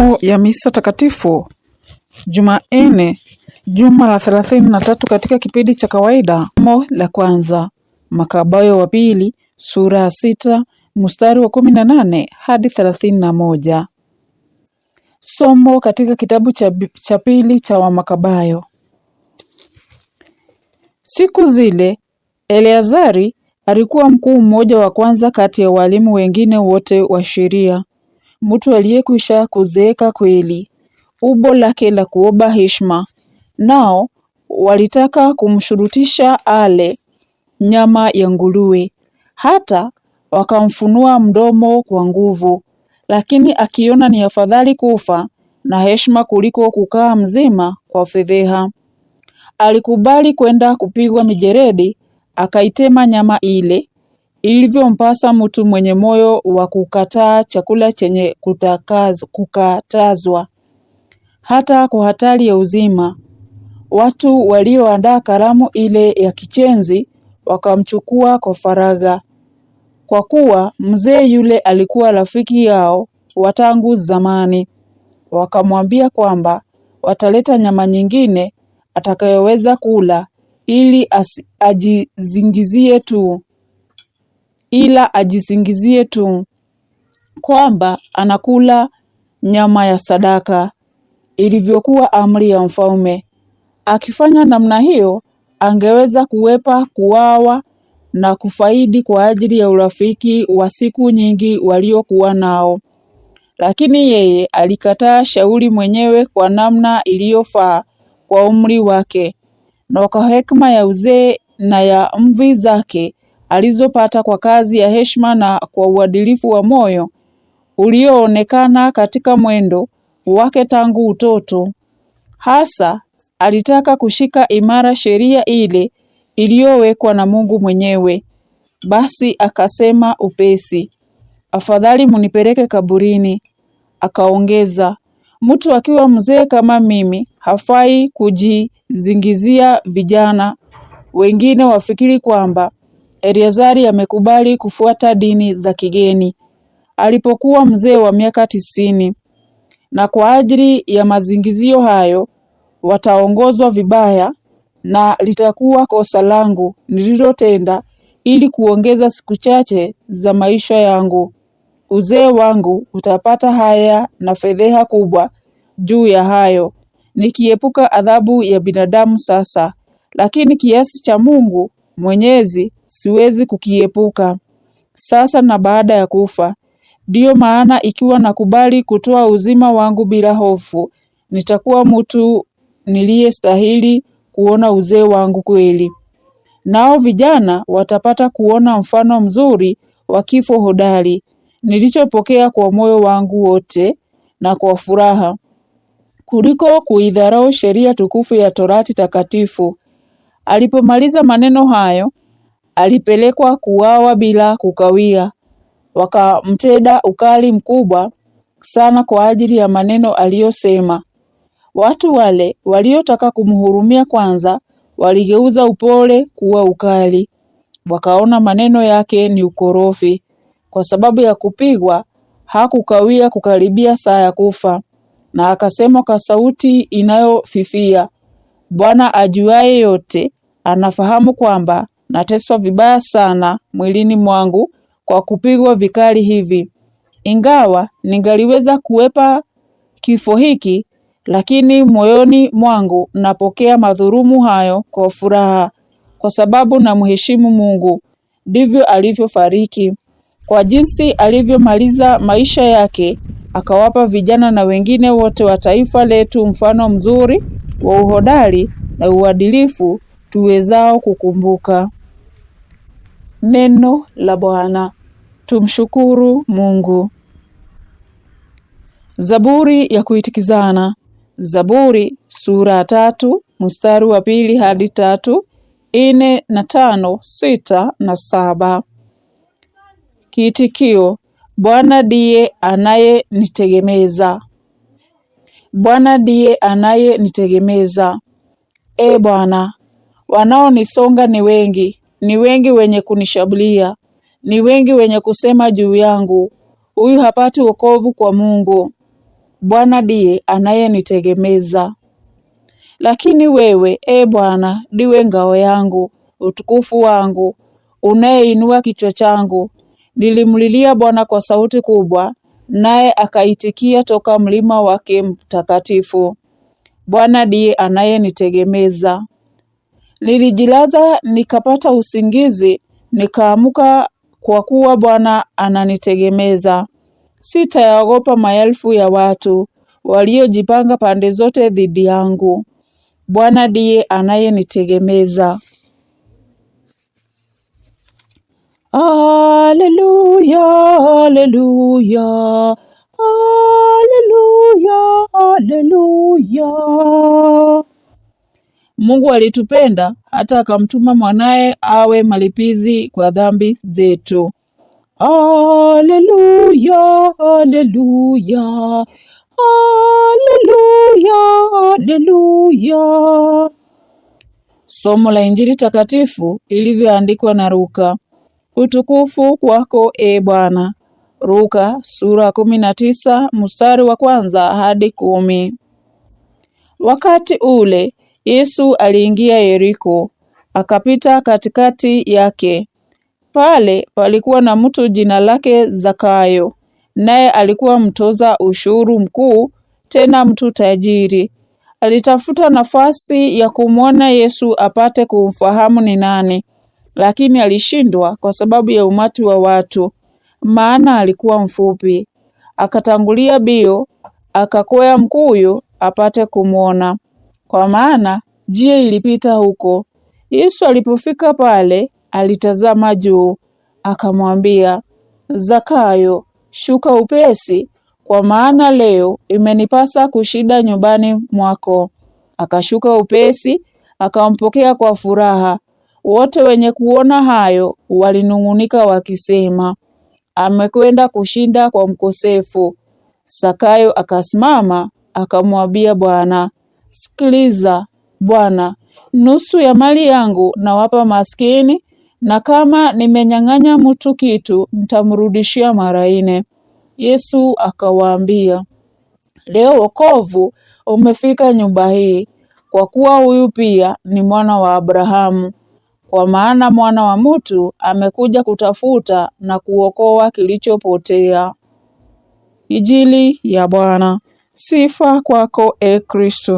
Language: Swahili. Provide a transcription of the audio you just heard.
Masomo ya Misa Takatifu Jumanne, juma la thelathini na tatu katika kipindi cha kawaida. Somo la kwanza, Makabayo wa pili sura ya sita mstari wa kumi na nane hadi thelathini na moja. Somo katika kitabu cha, cha pili cha Wamakabayo. Siku zile Eleazari alikuwa mkuu mmoja wa kwanza kati ya walimu wengine wote wa sheria mtu aliyekwisha kuzeeka kweli, umbo lake la kuoba heshima. Nao walitaka kumshurutisha ale nyama ya nguruwe, hata wakamfunua mdomo kwa nguvu, lakini akiona ni afadhali kufa na heshima kuliko kukaa mzima kwa fedheha, alikubali kwenda kupigwa mijeredi, akaitema nyama ile ilivyompasa mtu mwenye moyo wa kukataa chakula chenye kutakaz, kukatazwa hata kwa hatari ya uzima. Watu walioandaa karamu ile ya kichenzi wakamchukua kwa faragha, kwa kuwa mzee yule alikuwa rafiki yao wa tangu zamani. Wakamwambia kwamba wataleta nyama nyingine atakayoweza kula ili ajizingizie tu ila ajisingizie tu kwamba anakula nyama ya sadaka, ilivyokuwa amri ya mfalme. Akifanya namna hiyo, angeweza kuwepa kuwawa na kufaidi kwa ajili ya urafiki wa siku nyingi waliokuwa nao, lakini yeye alikataa shauri mwenyewe kwa namna iliyofaa kwa umri wake na kwa hekima ya uzee na ya mvi zake alizopata kwa kazi ya heshima na kwa uadilifu wa moyo ulioonekana katika mwendo wake tangu utoto. Hasa alitaka kushika imara sheria ile iliyowekwa na Mungu mwenyewe. Basi akasema upesi, afadhali munipeleke kaburini. Akaongeza, mtu akiwa mzee kama mimi hafai kujizingizia vijana wengine wafikiri kwamba Eliazari amekubali kufuata dini za kigeni alipokuwa mzee wa miaka tisini, na kwa ajili ya mazingizio hayo wataongozwa vibaya, na litakuwa kosa langu nililotenda ili kuongeza siku chache za maisha yangu. Uzee wangu utapata haya na fedheha kubwa juu ya hayo, nikiepuka adhabu ya binadamu sasa, lakini kiasi cha Mungu Mwenyezi siwezi kukiepuka sasa na baada ya kufa. Ndiyo maana ikiwa nakubali kutoa uzima wangu bila hofu, nitakuwa mtu niliyestahili kuona uzee wangu kweli. Nao vijana watapata kuona mfano mzuri wa kifo hodari nilichopokea kwa moyo wangu wote na kwa furaha, kuliko kuidharau sheria tukufu ya Torati takatifu. Alipomaliza maneno hayo, alipelekwa kuuawa bila kukawia. wakamteda ukali mkubwa sana kwa ajili ya maneno aliyosema. Watu wale waliotaka kumhurumia kwanza waligeuza upole kuwa ukali, wakaona maneno yake ni ukorofi. Kwa sababu ya kupigwa hakukawia kukaribia saa ya kufa, na akasema kwa sauti inayofifia, Bwana ajuaye yote anafahamu kwamba nateswa vibaya sana mwilini mwangu kwa kupigwa vikali hivi. Ingawa ningaliweza kuwepa kifo hiki, lakini moyoni mwangu napokea madhurumu hayo kwa furaha, kwa sababu namheshimu Mungu. Ndivyo alivyofariki kwa jinsi alivyomaliza maisha yake, akawapa vijana na wengine wote wa taifa letu mfano mzuri wa uhodari na uadilifu tuwezao kukumbuka. Neno la Bwana. Tumshukuru Mungu. Zaburi ya kuitikizana. Zaburi sura ya tatu mstari wa pili hadi tatu, ine na tano, sita na saba. Kiitikio: Bwana ndiye anayenitegemeza. Bwana ndiye anayenitegemeza. E Bwana, wanaonisonga ni wengi ni wengi wenye kunishabulia, ni wengi wenye kusema juu yangu, huyu hapati wokovu kwa Mungu. Bwana ndiye anayenitegemeza. Lakini wewe, e Bwana, ndiwe ngao yangu, utukufu wangu, unayeinua kichwa changu. Nilimlilia Bwana kwa sauti kubwa, naye akaitikia toka mlima wake mtakatifu. Bwana ndiye anayenitegemeza. Nilijilaza nikapata usingizi, nikaamuka kwa kuwa Bwana ananitegemeza. Sitayaogopa maelfu ya watu waliojipanga pande zote dhidi yangu. Bwana ndiye anayenitegemeza. Aleluya, aleluya, aleluya, aleluya. Mungu alitupenda hata akamtuma mwanaye awe malipizi kwa dhambi zetu. Aleluya, aleluya, aleluya, aleluya. Somo la Injili takatifu ilivyoandikwa na Luka. Utukufu kwako e Bwana. Luka sura kumi na tisa mstari wa kwanza hadi kumi. Wakati ule Yesu aliingia Yeriko, akapita katikati yake. Pale palikuwa na mtu jina lake Zakayo, naye alikuwa mtoza ushuru mkuu, tena mtu tajiri. Alitafuta nafasi ya kumwona Yesu apate kumfahamu ni nani, lakini alishindwa kwa sababu ya umati wa watu, maana alikuwa mfupi. Akatangulia bio akakwea mkuyu apate kumwona kwa maana jia ilipita huko. Yesu alipofika pale, alitazama juu, akamwambia Zakayo, shuka upesi, kwa maana leo imenipasa kushinda nyumbani mwako. Akashuka upesi, akampokea kwa furaha. Wote wenye kuona hayo walinung'unika wakisema, amekwenda kushinda kwa mkosefu. Zakayo akasimama akamwambia Bwana, Sikiliza Bwana, nusu ya mali yangu nawapa maskini, na kama nimenyang'anya mtu kitu nitamrudishia mara nne. Yesu akawaambia, leo wokovu umefika nyumba hii, kwa kuwa huyu pia ni mwana wa Abrahamu. Kwa maana mwana wa mtu amekuja kutafuta na kuokoa kilichopotea. Injili ya Bwana. Sifa kwako, ee Kristo.